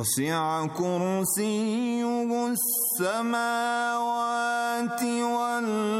وسع كرسيه السماوات والأرض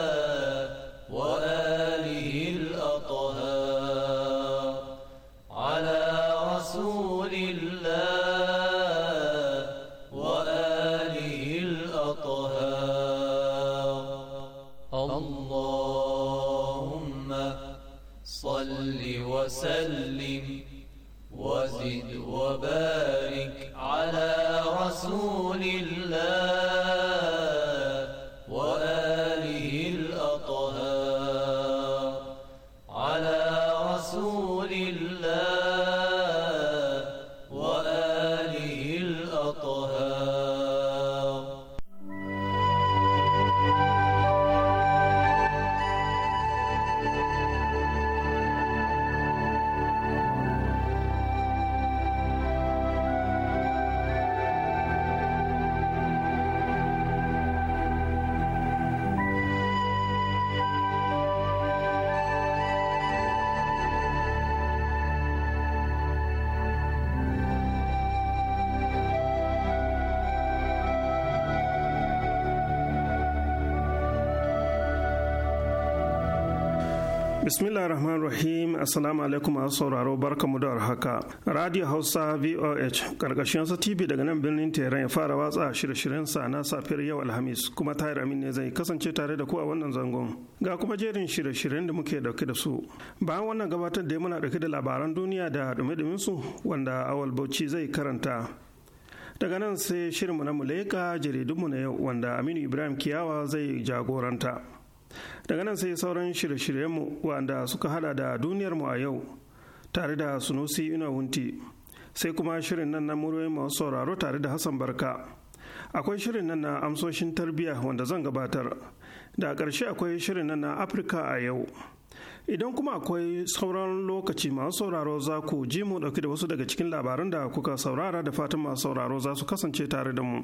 Assalamu alaikum masu sauraro barkamu da haka. Radio Hausa VOH karkashin sa TV daga nan birnin Tehran ya fara watsa shirye-shiryen sa na safiyar yau Alhamis kuma Tahir Amin ne zai kasance tare da ku a wannan zangon. Ga kuma jerin shirye-shiryen da muke dauke da su. Bayan wannan gabatar da muna dauke da labaran duniya da dumi su wanda Awal Bauchi zai karanta. Daga nan sai shirin mu na Muleka mu na yau wanda Aminu Ibrahim Kiyawa zai jagoranta. daga nan sai sauran shirye-shiryenmu wanda suka hada da duniyar mu a yau tare da sunusi ina wunti sai kuma shirin nan na muryoyin masu sauraro tare da hassan barka akwai shirin nan na amsoshin tarbiyya wanda zan gabatar da ƙarshe akwai shirin nan na afirka a yau idan kuma akwai sauran lokaci masu sauraro za ku ji mu ɗauki da wasu daga cikin labaran da kuka saurara da fatan masu sauraro za su kasance tare da mu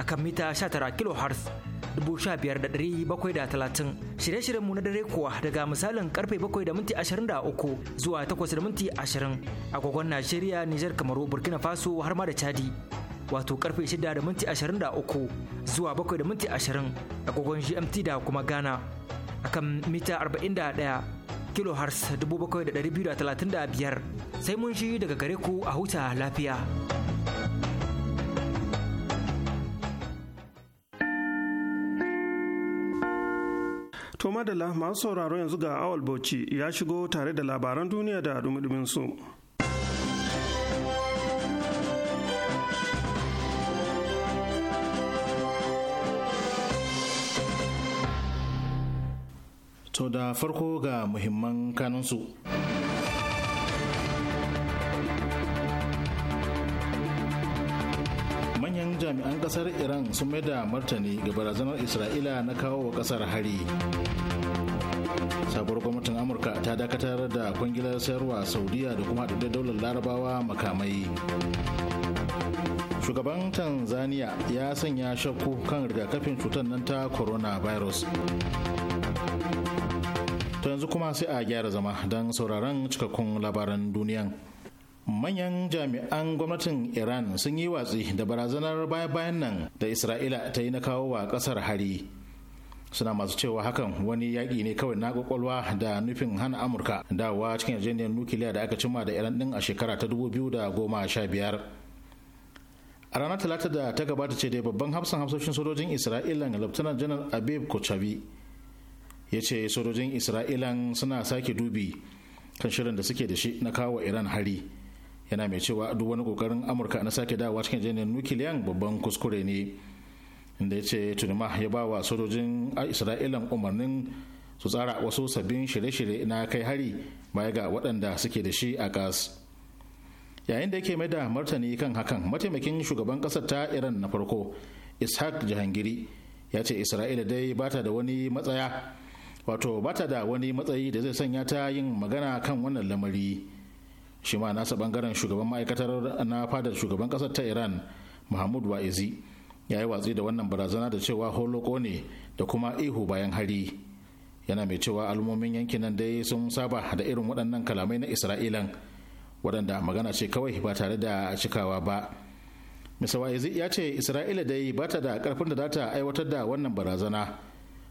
akan mita 19 kilohertz 15730 shirye-shiryen mu na dare kuwa daga misalin karfe bakwai da minti zuwa takwas da minti 20 agogon Najeriya, Nijar, Kamaru, Burkina Faso har ma da Chadi. Wato karfe 6 da minti zuwa bakwai da minti 20 agogon GMT da kuma Ghana. Akan mita 41 da 7235 sai mun shi daga gare ku a huta lafiya. To madalla masu sauraro yanzu ga awal bauchi ya shigo tare da labaran duniya da dumudumin su. To da farko ga muhimman kanunsu. jami'an kasar iran sun mai da martani ga barazanar isra'ila na kawo wa kasar hari sabuwar gwamnatin amurka ta dakatar da kwangilar sayarwa saudiya da kuma haɗaɗɗen daular larabawa makamai shugaban tanzania ya sanya shakku kan rigakafin cutar nan ta coronavirus to yanzu kuma sai a gyara zama don sauraron cikakkun labaran duniyan. manyan jami'an gwamnatin iran sun yi watsi da barazanar baya-bayan nan da isra'ila ta yi na kawo wa kasar hari suna masu cewa hakan wani yaƙi ne kawai na kwakwalwa da nufin hana amurka dawa cikin yarjejeniyar nukiliya da aka cimma da iran din a shekara ta 2015 a ranar talata da ta gabata ce da babban hafsan hafsoshin sojojin isra'ilan laftanar janar abib kochabi ya ce sojojin isra'ilan suna sake dubi kan shirin da suke da shi na kawo iran hari yana mai cewa duk wani kokarin amurka na sake dawowa cikin janar nukiliyan babban kuskure ne inda ya ce tunuma ya ba wa sojojin isra'ilan umarnin su tsara wasu sabbin shirye-shirye na kai hari baya ga waɗanda suke da shi a kas yayin da yake mai da martani kan hakan mataimakin shugaban ƙasar ta iran na farko ishaq jahangiri ya ce isra'ila dai ba ta da wani matsaya wato ba ta da wani matsayi da zai sanya ta yin magana kan wannan lamari shi ma nasa bangaren shugaban ma'aikatar na fadar shugaban kasar ta iran mahmud wa'izi ya yi watsi da wannan barazana da cewa holoko ne da kuma ihu bayan hari yana mai cewa al'ummomin yankin nan dai sun saba da irin waɗannan kalamai na isra'ilan waɗanda magana ce kawai ba tare da cikawa ba mr wa'izi ya ce isra'ila dai ba ta da karfin da za ta aiwatar da wannan barazana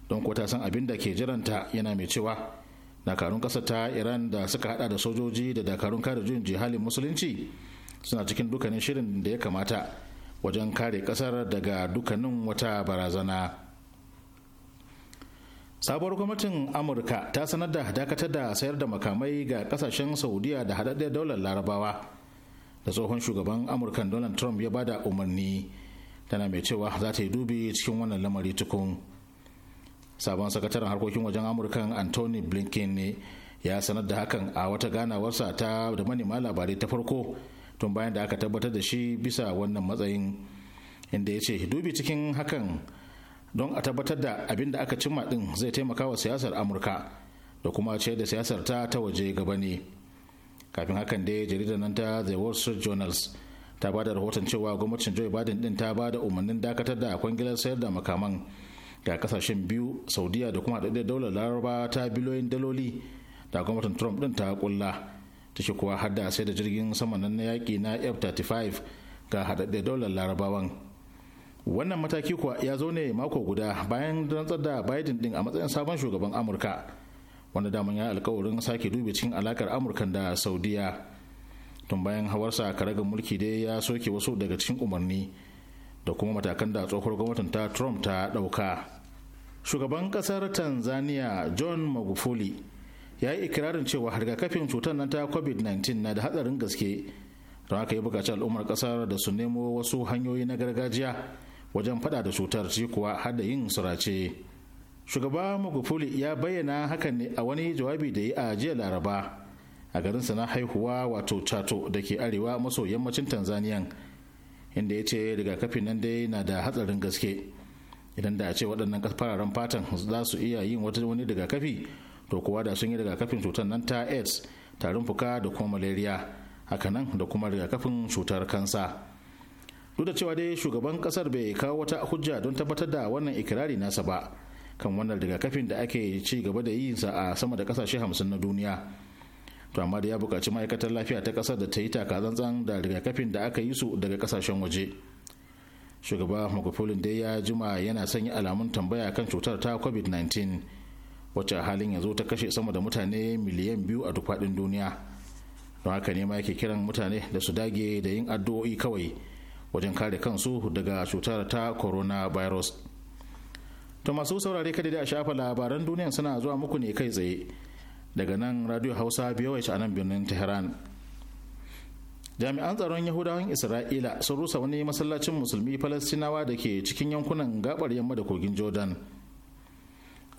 don ko ta san abin da ke jiranta yana mai cewa dakarun ƙasar ta iran da suka hada da sojoji da dakarun kare juyin jihalin musulunci suna cikin dukkanin shirin da ya kamata wajen kare ƙasar daga dukkanin wata barazana sabuwar gwamnatin amurka ta sanar da dakatar da sayar da makamai ga kasashen saudiya da haɗaɗɗiyar daular larabawa da tsohon shugaban amurkan donald trump ya bada umarni tana mai cewa za ta yi dubi cikin wannan lamari tukun. sabon sakataren harkokin wajen amurkan anthony blinken ne ya sanar da hakan a wata ganawarsa ta da manema labarai ta farko tun bayan da aka tabbatar da shi bisa wannan matsayin inda ya ce dubi cikin hakan don a tabbatar da abin da aka cimma din zai taimaka wa siyasar amurka da kuma ce da siyasar ta ta waje gaba ne kafin hakan dai jaridar nan ta the wall street journal ta ba da rahoton cewa gwamnatin joe biden din ta ba da umarnin dakatar da kwangilar sayar da makaman da kasashen biyu saudiya da kuma haɗaɗɗiyar daular laraba ta biliyoyin daloli da gwamnatin trump ɗin ta kulla ta shi kuwa har sai da jirgin sama nan na yaƙi na f-35 ga haɗaɗɗiyar daular larabawan wannan mataki kuwa ya zo ne mako guda bayan rantsar da biden ɗin a matsayin sabon shugaban amurka wanda daman ya alkawarin sake dube cikin alakar amurkan da saudiya tun bayan hawarsa karagar mulki dai ya soke wasu daga cikin umarni da kuma matakan da tsohuwar gwamnatin ta trump ta ɗauka shugaban kasar tanzania john magufuli ya yi ikirarin cewa rigakafin cutar nan ta covid-19 na da hatsarin gaske don haka yi buƙaci al'ummar ƙasar da su nemo wasu hanyoyi na gargajiya wajen fada da cutar shi kuwa har da yin surace shugaba magufuli ya bayyana hakan ne a wani jawabi da yi a jiya laraba a garinsa na haihuwa wato chato da ke arewa maso yammacin tanzaniyan inda ya ce rigakafin nan dai na da hatsarin gaske idan da a ce waɗannan fararen fatan za su iya yin wata wani rigakafi to kuwa da sun yi rigakafin cutar nan ta aids tarin fuka da kuma malaria hakanan da kuma rigakafin cutar kansa duk da cewa dai shugaban kasar bai kawo wata hujja don tabbatar da wannan ikirari nasa ba kan wannan rigakafin da ake ci gaba da sa a sama da kasashe hamsin na duniya to amma da ya buƙaci ma'aikatar lafiya ta ƙasar da ta yi takazantsan da rigakafin da aka yi su daga ƙasashen waje shugaba magufulin dai ya jima yana sanya alamun tambaya kan cutar ta covid-19 wacce a halin yanzu ta kashe sama da mutane miliyan biyu a duk faɗin duniya don haka ne ma yake kiran mutane da su dage da yin addu'o'i kawai wajen kare kansu daga cutar ta coronavirus to masu saurare kada da a shafa labaran duniya suna zuwa muku ne kai tsaye daga nan radio hausa biyawai a nan birnin tehran jami'an tsaron yahudawan isra'ila sun rusa wani masallacin musulmi falastinawa da ke cikin yankunan gabar yamma da kogin jordan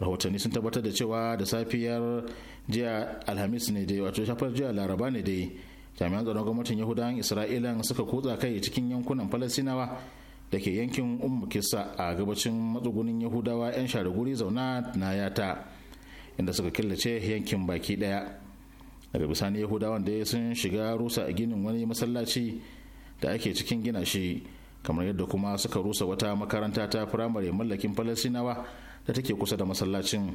rahotanni sun tabbatar da cewa da safiyar jiya alhamis ne dai wato shafar jiya laraba ne dai jami'an tsaron gwamnatin yahudawan isra'ila suka kutsa kai cikin yankunan falastinawa da ke yankin umma kisa a gabacin matsugunin yahudawa 'yan share guri zauna na yata inda suka killace yankin baki daya daga bisani yahudawan da sun shiga rusa a ginin wani masallaci da ake cikin gina shi kamar yadda kuma suka rusa wata makaranta ta firamare mallakin falasinawa da take kusa da masallacin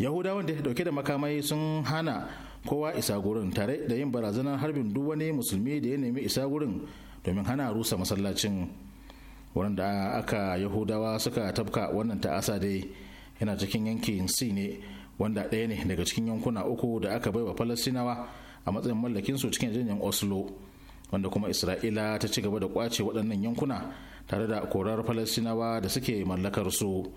yahudawan da dauke da makamai sun hana kowa isa gurin tare da yin barazanar harbin duk wani musulmi da ya nemi isa gurin domin hana rusa masallacin wurin da aka yahudawa suka tafka wannan ta'asa dai yana cikin yankin C ne wanda ɗaya ne daga cikin yankuna uku da aka baiwa falasinawa a matsayin mallakin su cikin janyen oslo wanda kuma isra'ila ta ci gaba da kwace waɗannan yankuna tare da korar falasinawa da suke mallakar su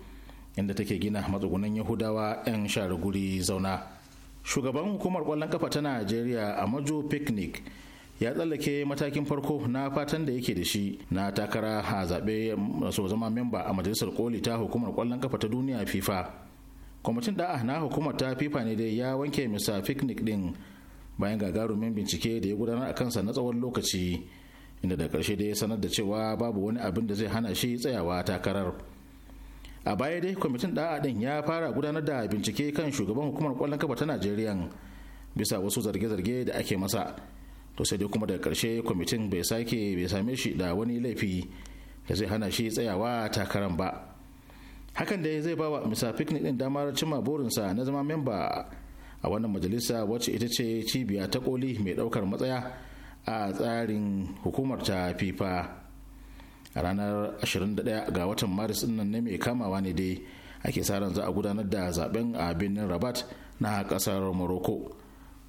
inda take gina matsugunan yahudawa 'yan share guri zauna shugaban hukumar kwallon kafa ta najeriya a majo picnic ya tsallake matakin farko na fatan da yake da shi na takara a zaɓe masu zama memba a majalisar koli ta hukumar kwallon kafa ta duniya fifa kwamitin da'a na hukumar ta fifa ne dai ya wanke misa picnic din bayan gagarumin bincike da ya gudanar a kansa na tsawon lokaci inda da karshe dai sanar da cewa babu wani abin da zai hana shi tsayawa takarar a baya dai kwamitin da'a din ya fara gudanar da bincike kan shugaban hukumar kwallon kafa ta najeriya bisa wasu zarge-zarge da ake masa to sai dai kuma daga karshe kwamitin bai sake bai same shi da wani laifi da zai hana shi tsayawa takaran ba hakan dai zai bawa misa picnic din damar cimma burinsa na zama memba a wannan majalisa wacce ita ce cibiya ta koli mai daukar matsaya a tsarin hukumar ta fifa a ranar 21 ga watan maris nan ne mai kamawa ne dai ake sa ran za a gudanar da zaben a birnin rabat na kasar morocco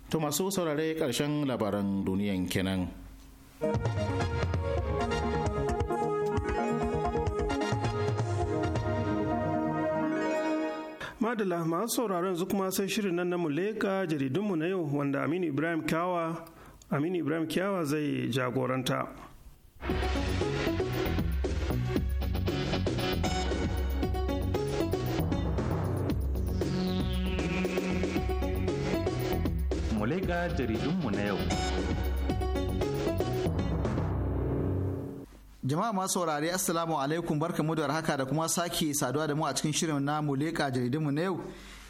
to masu saurare karshen labaran duniyan kenan madala masu sauraron yanzu kuma sai shirin nan na muleka jaridunmu na yau wanda aminu ibrahim kyawa aminu ibrahim kyawa zai jagoranta mu ga jaridunmu na yau. Jama'a masu saurare Assalamu alaikum barkamu da haka da kuma sake saduwa da mu a cikin shirin na muleka jaridunmu na yau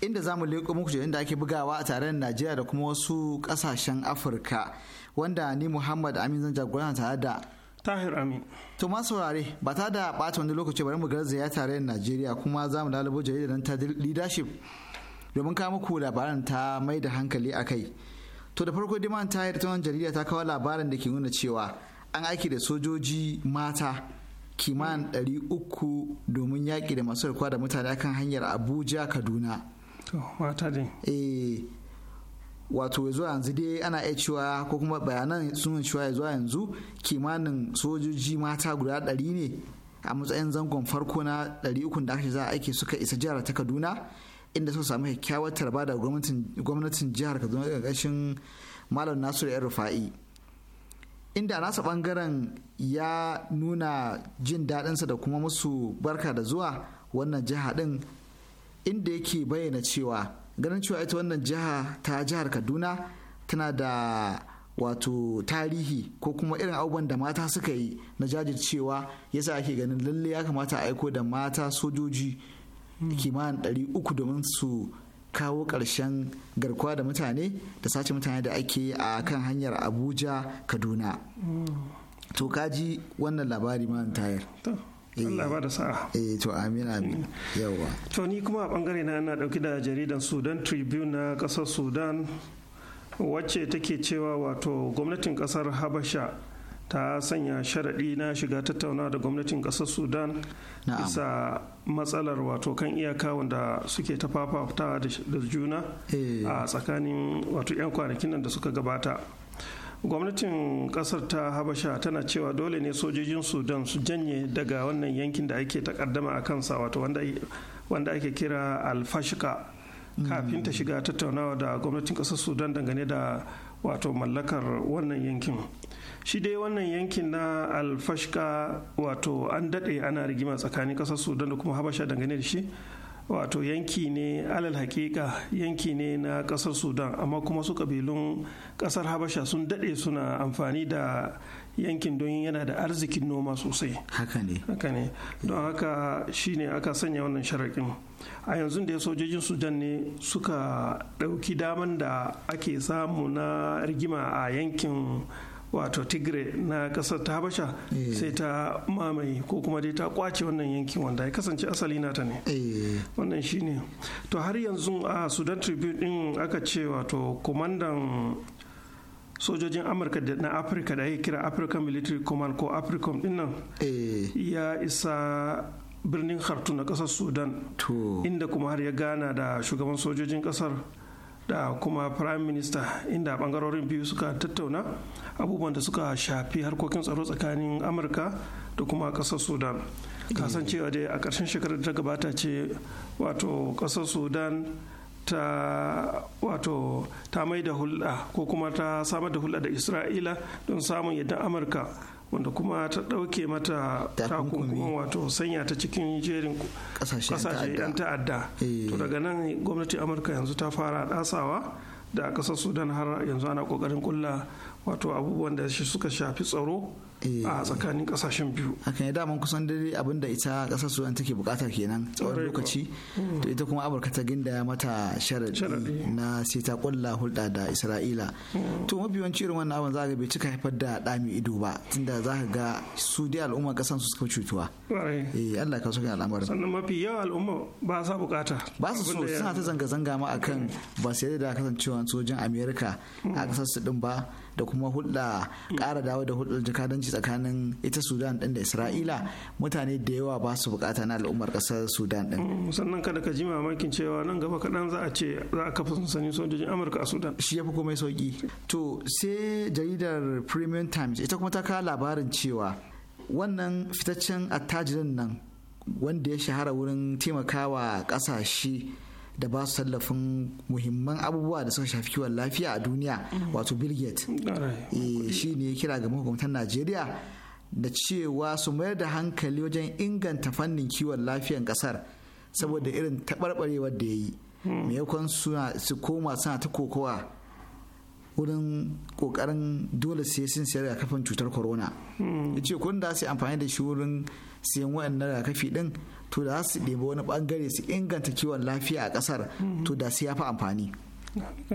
inda za mu leƙo muku jaridun da ake bugawa a da Najeriya da kuma wasu ƙasashen Afirka wanda ni Muhammad Amin zan jagoranta tare da Tahir Amin. To ma saurare ba ta da ɓata wani lokaci bari mu garzaya da Najeriya kuma za mu dalibo jaridar ta leadership domin kawo muku labaran ta mai da hankali a kai. To da farko Diman ta yi yarda jarida ta kawo labarin da ke nuna cewa an aiki da sojoji mata kimanin ɗari uku domin yaƙi da masu rikuwa da mutane akan hanyar Abuja Kaduna. Mata dai. Eh, zuwa yanzu dai ana iya cewa ko kuma bayanan sun cewa zuwa yanzu kimanin sojoji mata guda ɗari ne a matsayin zangon farko na ɗari ukun da aka za a aiki suka isa jihar ta Kaduna. inda sun samu kyakkyawar tarba da gwamnatin jihar kaduna ƙarshen malam nasiru yan rufa'i inda nasa ɓangaren ya nuna jin daɗinsa da kuma musu barka da zuwa wannan jiha ɗin inda yake bayyana cewa ganin cewa ita wannan jiha ta jihar kaduna tana da wato tarihi ko kuma irin abubuwan da mata suka yi na jajircewa yasa ake ganin lalle ya kamata a aiko da mata sojoji kimanin ɗari uku domin su kawo ƙarshen garkuwa da mutane da sace mutane da ake a kan hanyar abuja kaduna to kaji wannan labari ma tayar Allah ba da sa'a. Eh to amin amin. Yawwa. To ni kuma a bangare na ana dauki da jaridan Sudan Tribune na kasar Sudan wacce take cewa wato gwamnatin kasar Habasha ta sanya sharaɗi na shiga tattaunawa da gwamnatin ƙasar sudan bisa matsalar wato kan iyaka wanda suke ta da juna eh. a tsakanin wato 'yan kwanakin nan da suka gabata gwamnatin ƙasar ta habasha tana cewa dole ne sojojin sudan su janye daga wannan yankin da ake takaddama a kansa wato wanda ake kira alfashika hmm. kafin ta shiga tattaunawa da gwamnatin ƙasar sudan dangane da wato mallakar wannan yankin shi dai wannan yankin na alfashka wato an daɗe ana rigima tsakanin ƙasar sudan da kuma habasha dangane da shi wato yanki ne alal hakika yanki ne na ƙasar sudan amma kuma su ƙabilun ƙasar habasha sun daɗe suna amfani da yankin don yana da arzikin noma sosai haka ne haka ne don haka shine aka sanya wannan sharaƙin a yanzu da ya sojojin sudan ne suka ɗauki daman da ake samu na rigima a yankin wato tigre na ƙasar ta habasha eh. sai ta mamaye ko kuma dai ta kwace wannan yankin wanda ya kasance asali nata ne eh. wannan shine to har yanzu a sudan tribune din aka ce wato kumandan. sojojin amurka da na afirka da ya kira african military command ko africom dinnan eh. ya isa birnin hartu na kasar sudan inda kuma har ya gana da shugaban sojojin kasar da kuma prime minister inda bangarorin biyu suka tattauna abubuwan da suka shafi harkokin tsaro tsakanin amurka da kuma kasar sudan eh. kasancewa dai a karshen shekarar da ta gabata ce wato kasar sudan ta wato ta mai da hulɗa ko kuma ta samar da hulɗa da isra'ila don samun yadda amurka wanda kuma ta ɗauke mata takunkumin wato sanya ta cikin jerin ƙasashe 'yan ta'adda eh. to daga nan gwamnati amurka yanzu ta fara ɗasawa da ƙasar sudan har yanzu ana ƙoƙarin ƙulla wato abubuwan da suka shafi tsaro Eh, a tsakanin kasashen biyu hakan ya dama kusan dare abinda da ita kasar sudan take bukata kenan tsawon lokaci hmm. to ita kuma amurka ta ginda mata sharadi na sai ta kulla hulɗa da isra'ila hmm. to mabiyanci irin wannan abin za ga bai cika haifar da ɗami ido ba tunda za ka ga su dai al'umma kasan su suka cutuwa eh Allah ka sokin al'amarin sannan mafi yawa al'umma ba sa bukata ba su so suna ta zanga-zanga ma akan ba sai da kasancewa sojin amerika a kasar hmm. su din ba da kuma hulɗa ƙara dawo da hulɗar jakadanci tsakanin ita sudan ɗin da isra'ila mutane da yawa ba su bukata na al'ummar ƙasar sudan ɗin. Mm, sannan kada ka ji mamakin cewa nan gaba kaɗan za a ce za a kafa sansanin sojojin amurka a sudan shi ya fi komai sauki to sai jaridar premium times ita kuma ta kawo labarin cewa wannan fitaccen attajirin nan wanda ya shahara wurin taimakawa ƙasashe da ba su tallafin muhimman abubuwa da suka shafi kiwon lafiya a duniya wato bill gates eh, shi ne kira ga mahukuntan najeriya da cewa su mayar da hankali wajen inganta fannin kiwon lafiyan kasar saboda irin taɓarɓarewar da ya yi hmm. maimakon su koma suna ta kokowa wurin kokarin dole sai sun sayar da kafin cutar corona hmm. ya ce kun da su amfani da shi wurin siyan waɗannan rakafi din to da su ɗebi wani bangare su inganta kiwon lafiya a kasar to da su ya fi amfani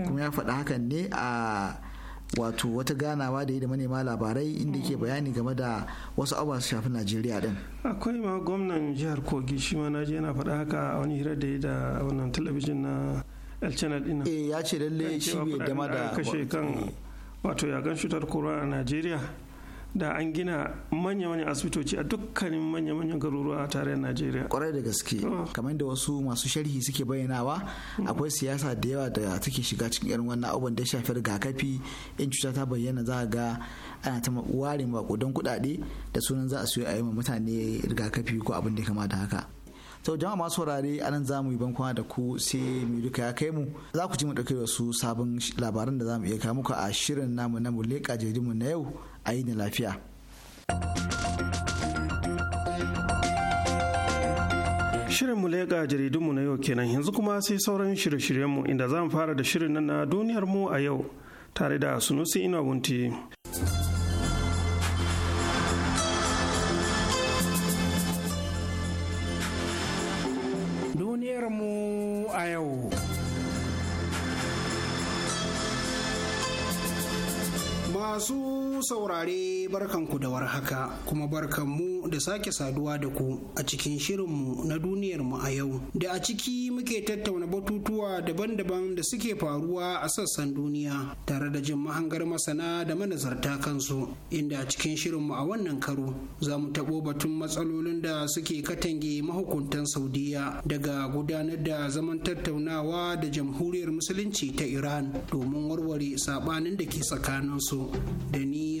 kuma ya faɗa hakan ne a wato wata ganawa da yi da manema labarai inda ke bayani game da wasu abuwa su shafi najeriya din akwai ma gwamnan jihar kogi shi ma naji yana faɗa haka a wani hira da yi da wannan talabijin na el channel ɗin eh, ya ce lalle shi bai dama da kashe wato eh. ya gan cutar corona a najeriya da an gina manya-manyan asibitoci a dukkanin manya-manyan garuruwa a tarayyar najeriya kwarai da gaske ah. kamar da wasu masu sharhi suke bayyanawa mm. akwai siyasa da yawa da take shiga cikin irin wannan abubuwan da shafi rigakafi in cuta ta bayyana za ga ana ta ware kudin kuɗaɗe da sunan za a siyo a yi mutane rigakafi ko abin da kama da haka Sau jama'a masu wurare anan za mu yi bankwa da ku sai mu duka ya kai mu za ku ji mu ɗauke wasu sabon labaran da za mu iya kawo muku a shirin namu na mu leƙa jirgin mu na yau aini lafiya Shirinmu leƙa jaridunmu na yau kenan yanzu kuma sai sauran shirye-shiryenmu inda za mu fara da shirin na duniyarmu a yau tare da sunusi ina wunti. a yau. Masu saurare barkanku da warhaka kuma barkanmu da sake saduwa da ku a cikin shirinmu na duniyarmu a yau da a ciki muke tattauna batutuwa daban-daban da suke faruwa a sassan duniya tare da jin mahangar masana da manazarta kansu inda a cikin shirinmu a wannan karo za mu taɓo batun matsalolin da suke katange mahukuntan saudiya daga gudanar da zaman tattaunawa da jamhuriyar musulunci ta iran domin warware saɓanin da ke tsakaninsu da ni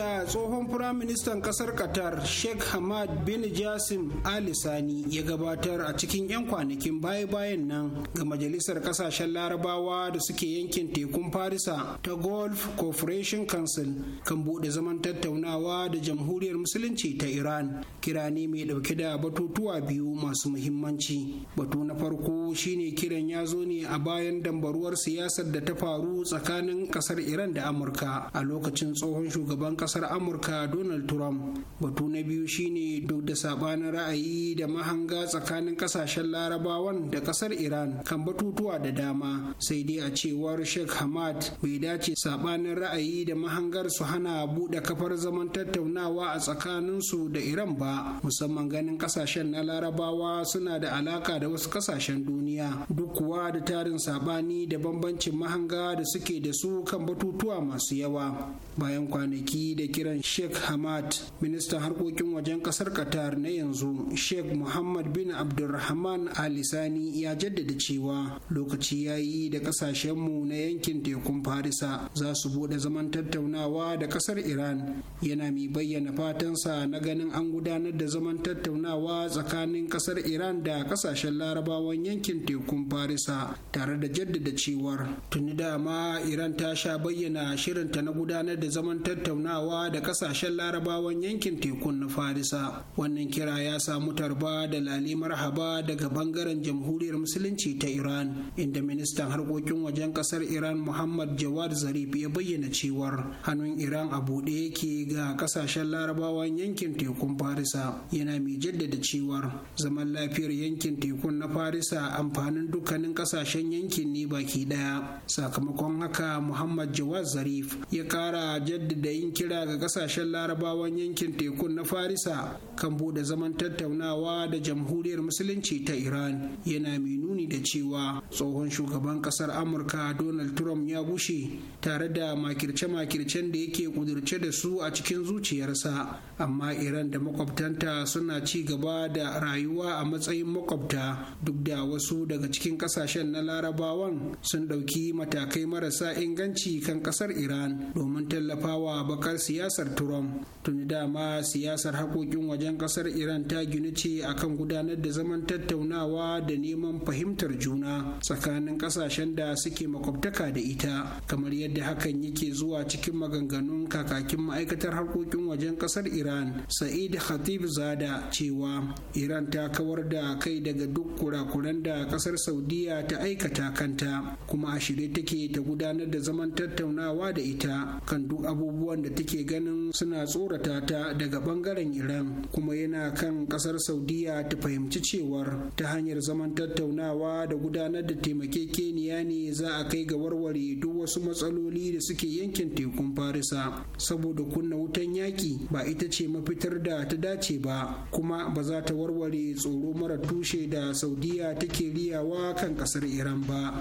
da tsohon firaministan ƙasar qatar sheikh hamad bin jasim ali sani ya gabatar a cikin 'yan kwanakin baya-bayan nan ga majalisar ƙasashen larabawa da suke yankin tekun farisa ta golf corporation council kan bude zaman tattaunawa da jamhuriyar musulunci ta iran kira ne mai dauke da batutuwa biyu masu muhimmanci batu na farko shine kiran ya zo ne a bayan dambaruwar siyasar da ta faru tsakanin ƙasar iran da amurka a lokacin tsohon shugaban ƙasa kasar amurka donald trump batu na biyu shine duk da sabanin ra'ayi da mahanga tsakanin kasashen larabawan da kasar iran kan batutuwa da dama sai dai a cewar sheikh hamad bai dace sabanin ra'ayi da mahangar su hana buɗe kafar zaman tattaunawa a tsakaninsu da iran ba musamman ganin kasashen na larabawa suna da alaka da wasu kasashen duniya duk kuwa da tarin sabani da bambancin mahanga da suke da su kan batutuwa masu yawa bayan kwanaki da kiran sheikh hamad ministan harkokin wajen kasar qatar na yanzu sheikh muhammad bin abdulrahman alisani ya jaddada cewa lokaci ya yi da kasashenmu na yankin tekun farisa za su bude zaman tattaunawa da kasar iran yana mai bayyana fatan sa na ganin an gudanar da zaman tattaunawa tsakanin kasar iran da kasashen larabawan yankin tekun farisa tare da jaddada cewar tuni dama iran ta sha bayyana shirinta na gudanar da zaman tattaunawa larabawa da kasashen larabawan yankin tekun na farisa wannan kira ya samu tarba da lali marhaba daga bangaren jamhuriyar musulunci ta iran inda ministan harkokin wajen kasar iran muhammad jawad zarif ya bayyana cewar hannun iran a buɗe yake ga kasashen larabawan yankin tekun farisa yana mai jaddada cewar zaman lafiyar yankin tekun na farisa amfanin dukkanin kasashen yankin ne baki ɗaya, sakamakon haka muhammad jawad zarif ya kara jaddada yin kira kira ga kasashen larabawan yankin tekun na farisa kan bude zaman tattaunawa da jamhuriyar musulunci ta iran yana mai nuni da cewa tsohon shugaban kasar amurka donald trump ya gushe tare da makirce-makircen da yake kudurce da su a cikin zuciyarsa amma iran da makwabtanta suna ci gaba da rayuwa a matsayin makwabta duk da wasu daga cikin kasashen na larabawan sun ɗauki matakai marasa inganci kan kasar iran domin tallafawa bakar siyasar Trump. Tuni dama siyasar haƙoƙin wajen ƙasar Iran ta ginu ce akan gudanar da zaman tattaunawa da neman fahimtar juna tsakanin ƙasashen da suke makwabtaka da ita, kamar yadda hakan yake zuwa cikin maganganun kakakin ma'aikatar harkokin wajen ƙasar Iran, Sa'id Khatib Zada cewa Iran ta kawar da kai daga duk kurakuran da ƙasar Saudiya ta aikata kanta, kuma a shirye take ta gudanar da zaman tattaunawa da ita kan duk abubuwan da take ke ganin suna tsorata ta daga bangaren iran kuma yana kan kasar saudiya ta fahimci cewar ta hanyar zaman tattaunawa da gudanar da taimakekeniya ne za a kai ga warware duk wasu matsaloli da suke yankin tekun farisa saboda kunna wutan yaki ba ita ce mafitar da ta dace ba kuma ba za ta warware tsoro mara tushe da saudiya take riyawa kan kasar iran ba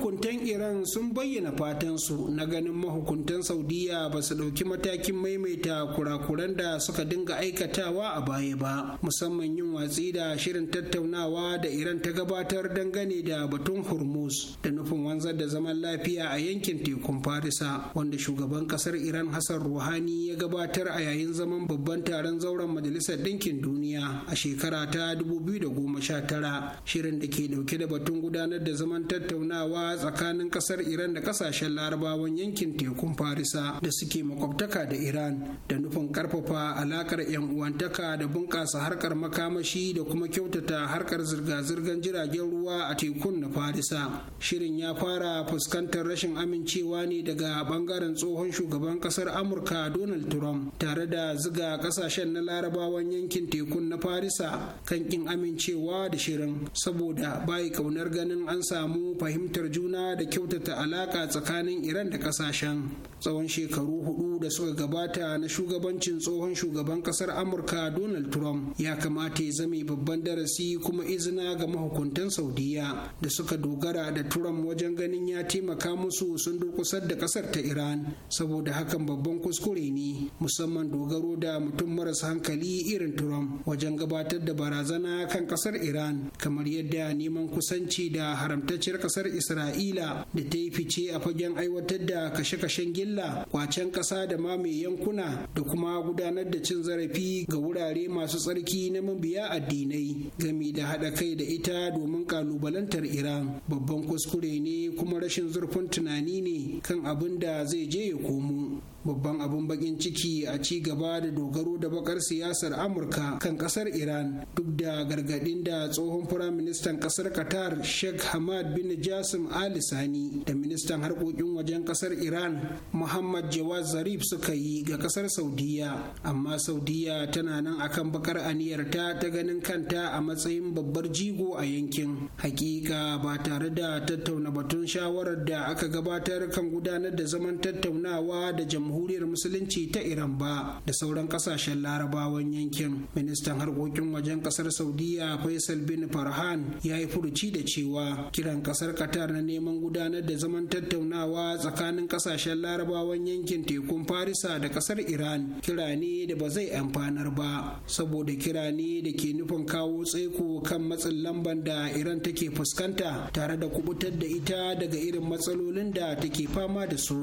mahukuntan iran sun bayyana fatansu na ganin mahukuntan saudiya ba su ɗauki matakin maimaita kurakuran da suka dinga aikatawa a baya ba musamman yin watsi da shirin tattaunawa da iran ta gabatar dangane da batun hormuz da nufin wanzar da zaman lafiya a yankin tekun farisa wanda shugaban kasar iran hassan ruhani ya gabatar a yayin zaman babban taron zauren majalisar ɗinkin duniya a shekara ta 2019 shirin da ke ɗauke da batun gudanar da zaman tattaunawa a tsakanin kasar iran da kasashen larabawan yankin tekun farisa da suke makwabtaka da iran da nufin karfafa alakar yan uwantaka da bunƙasa harkar makamashi da kuma kyautata harkar zirga-zirgar jiragen ruwa a tekun na farisa shirin ya fara fuskantar rashin amincewa ne daga bangaren tsohon shugaban kasar amurka donald trump tare da ziga kasashen na larabawan yankin tekun na farisa kan kin amincewa da shirin saboda bai ƙaunar ganin an samu fahimtar juna da kyautata alaka tsakanin iran da kasashen tsawon shekaru hudu da suka gabata na shugabancin tsohon shugaban kasar amurka donald trump ya kamata ya zame babban darasi kuma izina ga mahukuntan saudiya da suka dogara da trump wajen ganin ya taimaka musu sun durkusar da kasar ta iran saboda hakan babban kuskure ne musamman dogaro da mutum maras hankali irin trump wajen gabatar da barazana kan kasar iran kamar yadda neman kusanci da haramtacciyar kasar israel. isra'ila da ta yi fice a fagen aiwatar da kashe-kashen gilla kwacen ƙasa da ma mai yankuna da kuma gudanar da cin zarafi ga wurare masu tsarki na mabiya addinai gami da haɗa kai da ita domin ƙalubalantar iran babban kuskure ne kuma rashin zurfin tunani ne kan abin da zai je ya komo babban abun bakin ciki a ci gaba da dogaro da bakar siyasar amurka kan kasar iran duk da gargadin da tsohon firaministan kasar qatar sheikh hamad bin jasim ali sani da ministan harkokin wajen kasar iran muhammad jawad zarif suka yi ga kasar saudiya amma saudiya tana nan akan bakar aniyarta ta ganin kanta a matsayin babbar jigo a yankin hakika ba tare da tattauna batun shawarar da aka gabatar kan gudanar da zaman tattaunawa da jam jamhuriyar musulunci ta iran ba da sauran kasashen larabawan yankin ministan harkokin wajen kasar saudiya faisal bin farhan ya yi furuci da cewa kiran kasar qatar na neman gudanar da zaman tattaunawa tsakanin kasashen larabawan yankin tekun farisa da kasar iran kira ne da ba zai amfanar ba saboda kira ne da ke nufin kawo tsaiko kan matsin lamban da iran take fuskanta tare da kubutar da ita daga irin matsalolin da take fama da su.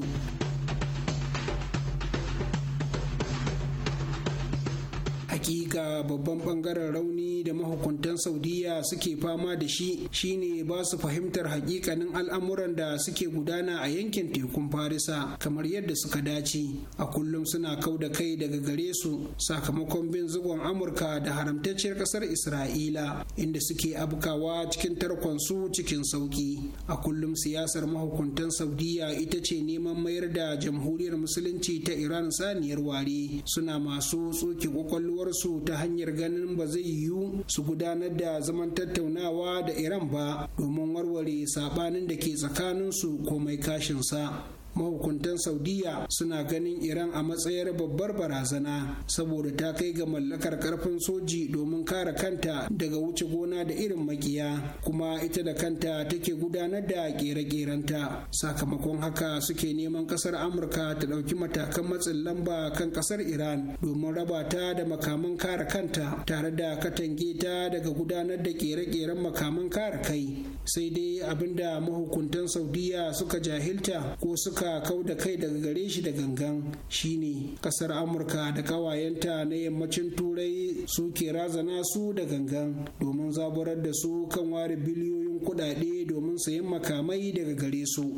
aquí ga babban bangaren rauni da mahukuntan saudiya suke fama da shi shine ba su fahimtar hakikanin al'amuran da suke gudana a yankin tekun farisa kamar yadda suka dace a kullum suna kau da kai daga gare su sakamakon bin zugon amurka da haramtacciyar kasar isra'ila inda suke abkawa cikin tarkon su cikin sauki a kullum siyasar mahukuntan saudiya ita ce neman mayar da jamhuriyar musulunci ta iran saniyar ware suna masu tsoke kwakwalwarsu ta hanyar ganin ba zai yiwu su gudanar da zaman tattaunawa da iran ba domin warware sabanin da ke tsakaninsu komai kashinsa mahukuntan saudiya suna ganin iran a matsayar babbar barazana saboda ta kai ga mallakar karfin soji domin kare kanta daga wuce gona da irin makiya kuma ita da kanta take gudanar da kere-kerenta sakamakon haka suke neman kasar amurka ta ɗauki matakan matsin lamba kan kasar iran domin raba ta da makaman kare kanta tare da katange ta daga gudanar da kere-keren makaman kare kai sai dai abinda mahukuntan saudiya suka jahilta ko suka suka kau da kai daga gare shi da gangan shine kasar amurka da kawayenta na yammacin turai su ke razana su da gangan domin zaburar da su kan ware biliyoyin kudade domin sayan makamai daga gare su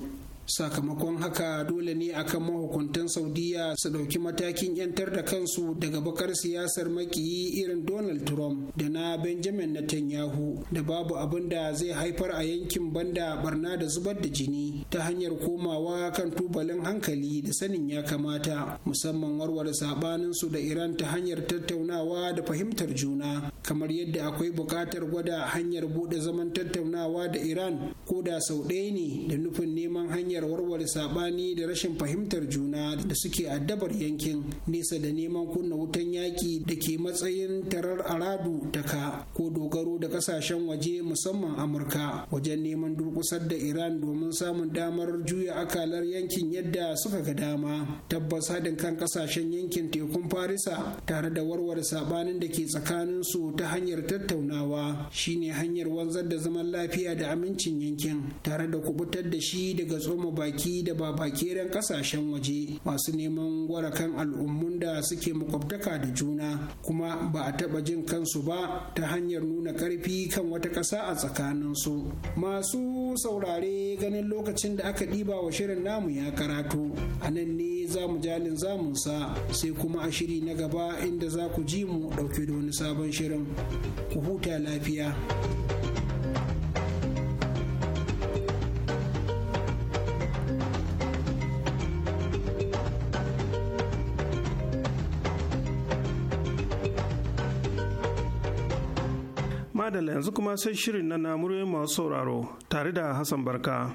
sakamakon haka dole ne akan mahukuntan saudiya su ɗauki matakin 'yantar da kansu daga bakar siyasar makiyi irin donald trump da na benjamin netanyahu da babu abin da zai haifar a yankin banda barna da zubar da jini ta hanyar komawa kan tubalin hankali da sanin ya kamata musamman warware su da iran ta hanyar tattaunawa da fahimtar juna kamar yadda akwai bukatar gwada hanyar buɗe zaman tattaunawa da iran ko da sau ɗaya ne da nufin neman hanyar hanyar warware sabani da rashin fahimtar juna da suke addabar yankin nesa da neman kunna wutan yaƙi da ke matsayin tarar aradu ka ko dogaro da kasashen waje musamman amurka wajen neman durkusar da iran domin samun damar juya akalar yankin yadda suka ga dama tabbas hadin kan kasashen yankin tekun farisa tare da warware sabanin da ke tsakanin su ta hanyar tattaunawa shine hanyar wanzar da zaman lafiya da amincin yankin tare da kubutar da shi daga tsoma tsoma baki da babakeren kasashen waje masu neman warakan al'ummun da suke makwabtaka da juna kuma ba a taba jin kansu ba ta hanyar nuna karfi kan wata ƙasa a tsakanin su masu saurare ganin lokacin da aka ɗiba wa shirin namu ya karatu a nan ne za mu jalin sa sai kuma a shiri na gaba inda za ku ji mu ɗauke da wani sabon shirin ku huta lafiya. madalla yanzu kuma sai shirin na namurai masu sauraro tare da Hassan Barka.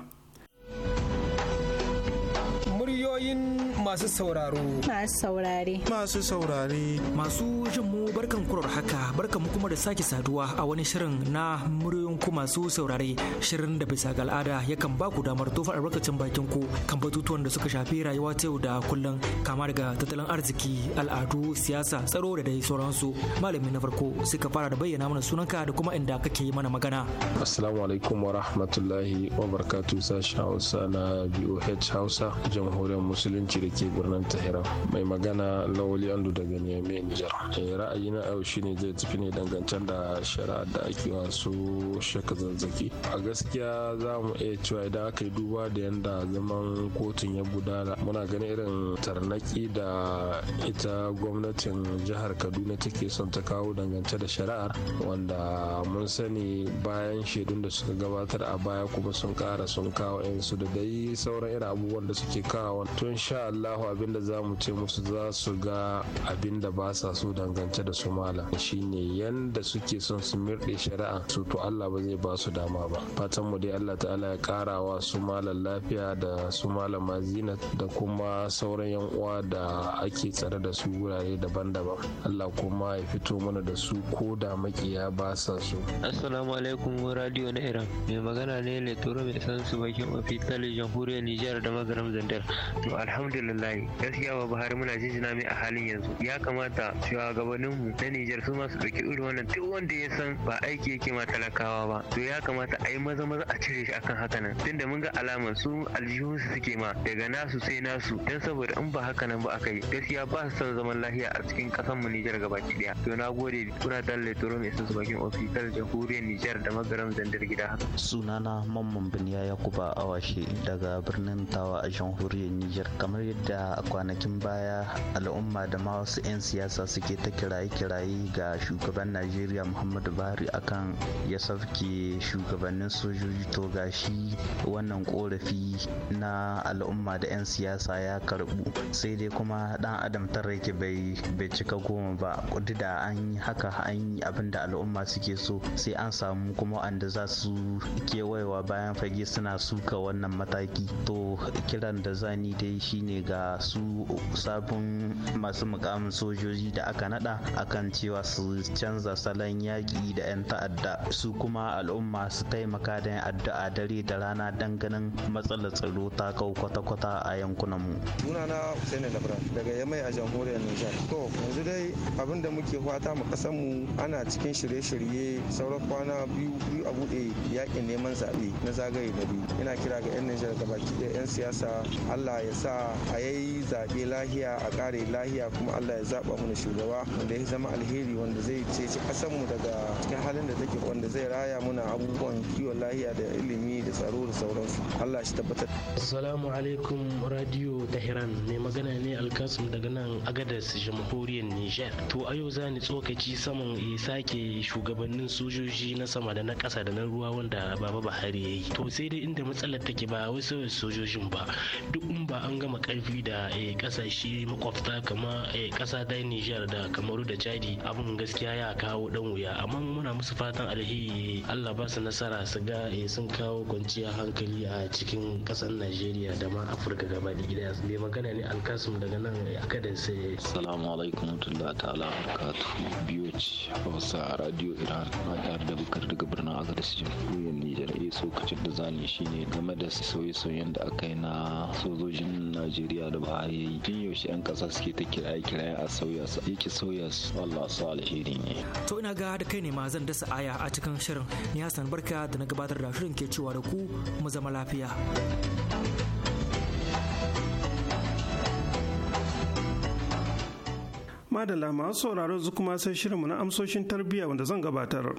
Muryoyin masu sauraro. Masu saurare. Masu saurare. Masu jin mu barkan kurar haka barkan mu kuma da sake saduwa a wani shirin na muryoyin ku masu saurare shirin da bisa ga al'ada yakan ba ku damar tofa albarkacin bakin ku kan batutuwan da suka shafi rayuwa ta yau da kullun kama daga tattalin arziki al'adu siyasa tsaro da dai sauransu malami na farko suka fara da bayyana mana sunanka da kuma inda kake yi mana magana. Assalamu alaikum wa rahmatullahi wa barakatuh sashen Hausa na BOH Hausa jamhuriyar musulunci da ke ce birnin Tehran. Mai magana Lawali Andu daga Niamey Nijar. Eh, ra'ayina yau shine zai tafi ne dangancen da shari'ar da ake wasu shaka zanzaki. A gaskiya za mu iya cewa idan aka yi duba da yadda zaman kotun ya gudana muna ganin irin tarnaki da ita gwamnatin jihar Kaduna take son ta kawo dangance da shari'ar wanda mun sani bayan shaidun da suka gabatar a baya kuma sun kara sun kawo yansu da dai sauran irin abubuwan da suke kawo. Tun sha Allahu abinda za mu ce musu za su ga abinda ba sa so dangance da su shi shine yanda suke son su mirɗe shari'a su to Allah ba zai ba su dama ba fatan mu dai Allah ta'ala ya kara wa su malan lafiya da su malan mazina da kuma sauran yan uwa da ake tsare da su wurare daban-daban Allah kuma ya fito mana da su ko da makiya ba sa so assalamu alaikum radio na Iran mai magana ne Letoro mai san su bakin ofital jamhuriyar Nijar da magaram Zandar to alhamdulillah alhamdulillahi gaskiya ba buhari muna jinjina mai a halin yanzu ya kamata shugabannin mu na Nijar su ma su dauki irin wannan duk wanda ya san ba aiki yake ma talakawa ba to ya kamata a yi maza maza a cire shi akan haka nan tunda mun ga alama su aljihun su suke ma daga nasu sai nasu dan saboda in ba haka nan ba aka yi gaskiya ba su san zaman lafiya a cikin kasan mu Nijar gabaki daya to na gode kuna dalle turo mai sun bakin ofisar jamhuriyar Nijar da magaram zandar gida sunana mamman biniya yakuba awashi daga birnin tawa a jamhuriyar Nijar kamar yadda da a kwanakin baya al'umma da ma wasu 'yan siyasa suke ta kiraye-kiraye ga shugaban najeriya muhammadu buhari akan ya sauke shugabannin sojoji to ga shi wannan korafi na al'umma da 'yan siyasa ya karbu sai dai kuma dan adam tarrake bai bai cika goma ba duk da an yi haka an yi abin da al'umma suke so sai an samu kuma wanda za su kewayewa bayan fage suna suka wannan mataki to kiran da zani dai shine ga da su sabon masu mukamin sojoji da aka nada akan cewa su canza salon yaƙi da 'yan ta'adda su kuma al'umma su taimaka da 'yan addu'a dare da rana ganin matsalar tsaro ta kau kwata-kwata a yankunan mu. na Hussein Labran daga Yamai a jamhuriyar Nijar. To yanzu dai abin da muke fata mu kasan mu ana cikin shirye-shirye sauran kwana biyu biyu a buɗe yaƙin neman zaɓe na zagaye da biyu. Ina kira ga 'yan Nijar gabaki da 'yan siyasa Allah ya sa a ya yi zaɓe lahiya a ƙare lahiya kuma Allah ya zaɓa mana shugaba wanda ya zama alheri wanda zai ceci mu daga cikin halin da take wanda zai raya muna abubuwan kiwon lahiya da ilimi da tsaro da sauransu Allah shi tabbatar. Assalamu alaikum radio Tehran ne magana ne Alkasum daga nan Agadez jamhuriyar Nijar. To a yau za ni tsokaci saman ya sake shugabannin sojoji na sama da na ƙasa da na ruwa wanda Baba Buhari ya yi. To sai dai inda matsalar take ba wai sojojin ba duk in ba an gama ƙarfi tallafi da eh, kasashe makwabta kama eh, kasa ta Nijar da Kamaru da Chadi abin gaskiya ya kawo dan wuya amma muna musu fatan alheri Allah ba su nasara su ga eh, sun kawo kwanciyar hankali a cikin kasar Najeriya da ma Afirka gaba daya mai magana ne Alkasum daga nan akadan sai Assalamu alaikum tulla ta'ala barakatuhu biyoci Hausa Radio Iran na da Bukar daga birnin Agadez Jamhuriyar Nijar eh sokacin da zani shine game da sauye-sauyen da aka yi na sojojin Najeriya ba a yi tun yaushe 'yan kasa suke ta kiraye kiraye a sauya su yake sauya su Allah su alheri ne. To ina ga da kai ne ma zan dasa aya a cikin shirin ni Hassan Barka da na gabatar da shirin ke cewa da ku mu zama lafiya. Madalla masu sauraro kuma sai mu na amsoshin tarbiyya wanda zan gabatar.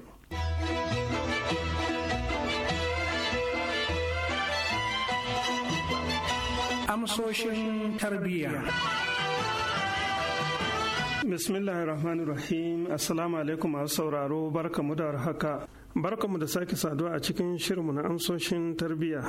amsoshin tarbiyya. bismillahir rahmanir rahim assalamu alaikum masu sauraro barkamu da haka barkamu da sake saduwa a cikin shirinmu na amsoshin tarbiyya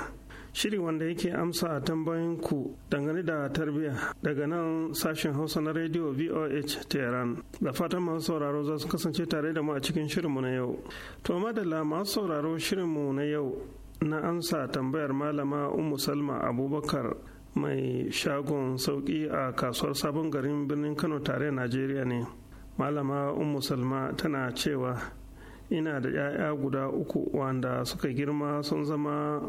shiri wanda yake amsa a tambayin ku dangane da tarbiyya daga nan sashen hausa na radio voh tehran da fatan masu sauraro za su kasance tare da mu a cikin shirinmu na yau to madalla masu sauraro shirinmu na yau na amsa tambayar malama umu salma abubakar mai shagon sauƙi a kasuwar sabon garin birnin kano tare najeriya ne malama ummu salma tana cewa ina da 'ya'ya guda uku wanda suka girma sun zama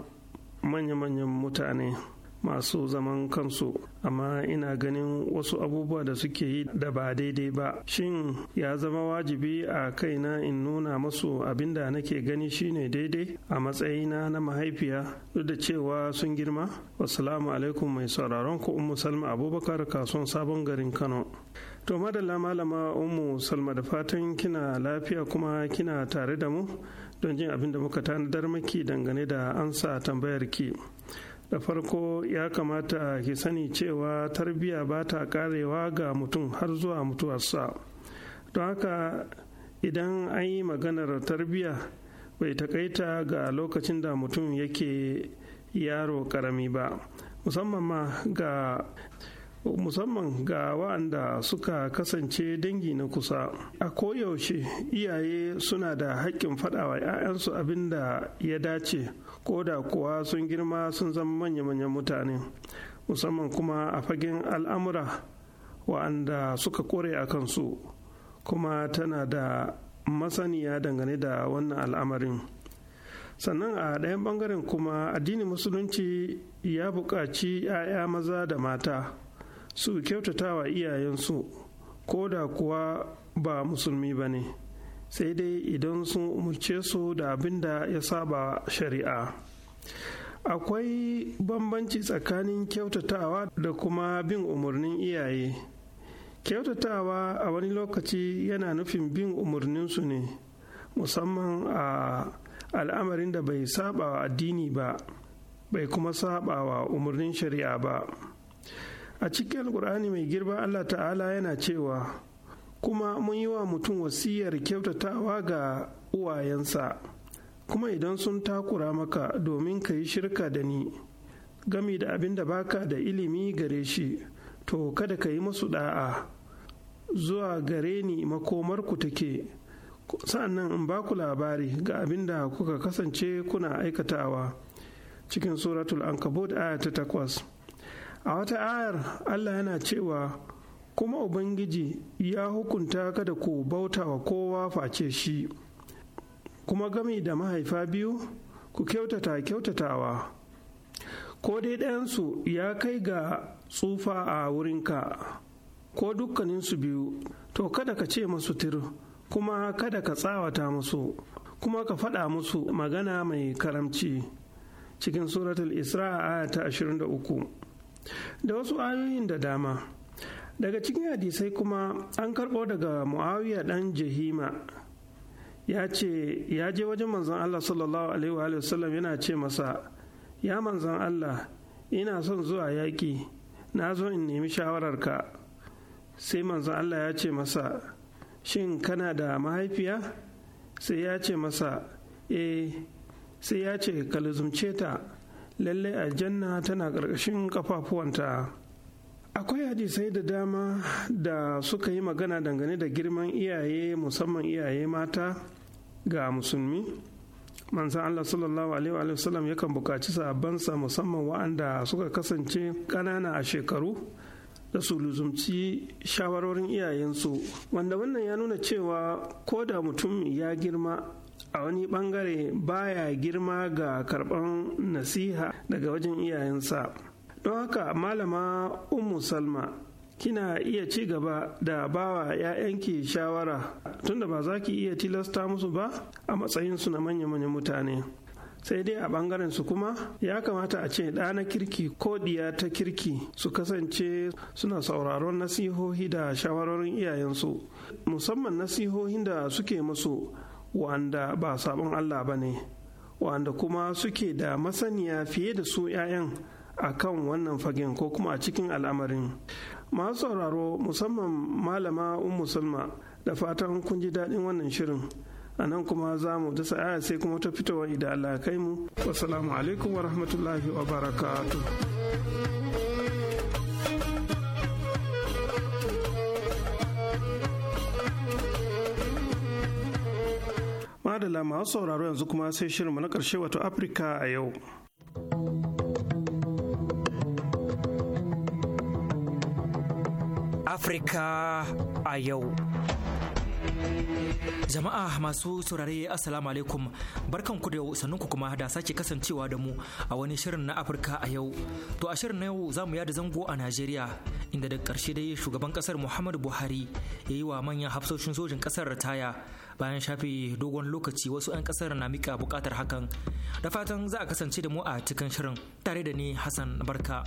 manya-manyan mutane masu zaman kansu amma ina ganin wasu abubuwa da suke yi da ba daidai ba shin ya zama wajibi a kaina in nuna masu abinda nake gani shine daidai a matsayina na mahaifiya duk da cewa sun girma wasalamu alaikum mai sauraron ku umu salma abubakar kasuwan sabon garin kano to madalla malama umu salma da fatan kina lafiya kuma kina tare da mu don jin abin da muka tanadar maki dangane da ansa tambayar ki da farko ya kamata ki sani cewa tarbiyya ba ta karewa ga mutum har zuwa mutuwarsa don haka idan an yi maganar tarbiyya bai takaita ga lokacin da mutum yake yaro karami ba musamman ma ga musamman ga waɗanda suka kasance dangi na kusa a koyaushe iyaye suna da haƙƙin faɗawa 'ya'yansu abin da ya dace ko da kuwa sun girma sun zama manya-manyan mutane musamman kuma a fagen al'amura wa'anda suka kore a kansu kuma tana da masaniya dangane da wannan al'amarin sannan a ɗayan ɓangaren kuma addini musulunci ya buƙaci 'ya'ya maza da mata su kyautatawa iyayensu ko da kuwa ba musulmi ba ne. sai dai idan sun umarce su da abin da ya saba shari'a akwai bambanci tsakanin kyautatawa da kuma bin umarnin iyaye kyautatawa a wani lokaci yana nufin bin umarninsu ne musamman a al'amarin da bai saba wa addini ba bai kuma saba wa umarnin shari'a ba a cikin alkur'ani mai girba allah ta'ala yana cewa kuma mun yi wa mutum wasiyar kyautatawa ga uwayensa kuma idan sun takura maka domin ka yi shirka da ni gami da abin da baka da ilimi gare shi to kada ka yi masu da'a zuwa gare ni makomarku take sa'annan in baku labari ga abin da kuka kasance kuna aikatawa cikin suratul ankabut aya ta takwas a wata ayar allah yana cewa kuma ubangiji ya hukunta kada ku bauta wa kowa face shi kuma gami da mahaifa biyu ku kyautata kyautatawa ko dai ɗayansu ya kai ga tsufa a wurinka ko dukkaninsu biyu to kada ka ce masu tir kuma kada ka tsawata musu kuma ka faɗa musu magana mai karamci cikin suratul isra aya ta 23 da wasu ayoyin da dama daga cikin hadisai kuma an karɓo daga muawiya ɗan jahima ya ce ya je wajen manzon Allah sallallahu alaihi wa yana ce masa ya manzon Allah ina son zuwa yaƙi na zo in nemi shawararka sai manzon Allah ya ce masa shin kana da mahaifiya sai ya ce masa eh sai ya ce ka luzumce ta lallai aljanna tana ƙarƙashin ƙafafuwanta akwai hadisai da dama da suka yi magana dangane da girman iyaye musamman iyaye mata ga musulmi manzan Allah sallallahu alaihi wa sallam yakan bukaci sabansa musamman wa'anda suka kasance ƙanana a shekaru da su luzumci shawarorin iyayensu wanda wannan ya nuna cewa ko da mutum ya girma a wani bangare baya girma ga karɓan nasiha daga wajen iyayensa don haka malama Umu salma kina iya ci gaba da bawa 'ya'yanki shawara tunda ba za ki iya tilasta musu ba a matsayinsu na manya-manyan mutane sai dai a bangaren su kuma ya kamata a ce ɗa na kirki ko ɗiya ta kirki su kasance suna sauraron nasihohi da shawarorin iyayensu musamman nasihohin da suke musu wanda ba sabon allah ba ne wanda kuma suke da masaniya fiye da su 'ya'yan a kan wannan fagen ko kuma a cikin al'amarin masu sauraro musamman malama ummu salma da fatan kun ji daɗin wannan shirin a nan kuma za mu dasa aya sai kuma ta fitowa idan Allah kai mu wasalamu alaikum wa rahmatullahi wa barakatu madala masu sauraro yanzu kuma sai shirinmu na ƙarshe wato afirka a yau Afirka a yau. Jama'a masu saurare Assalamu alaikum barkanku da sannunku kuma da sake kasancewa da mu a wani shirin na Afirka a yau. To a shirin na yau za mu yada zango a Najeriya inda da ƙarshe dai shugaban ƙasar Muhammadu Buhari ya yi wa manyan hafsoshin sojin ƙasar ritaya bayan shafe dogon lokaci wasu 'yan ƙasar na mika buƙatar hakan. Da fatan za a kasance da mu a cikin shirin tare da ni Hassan Barka.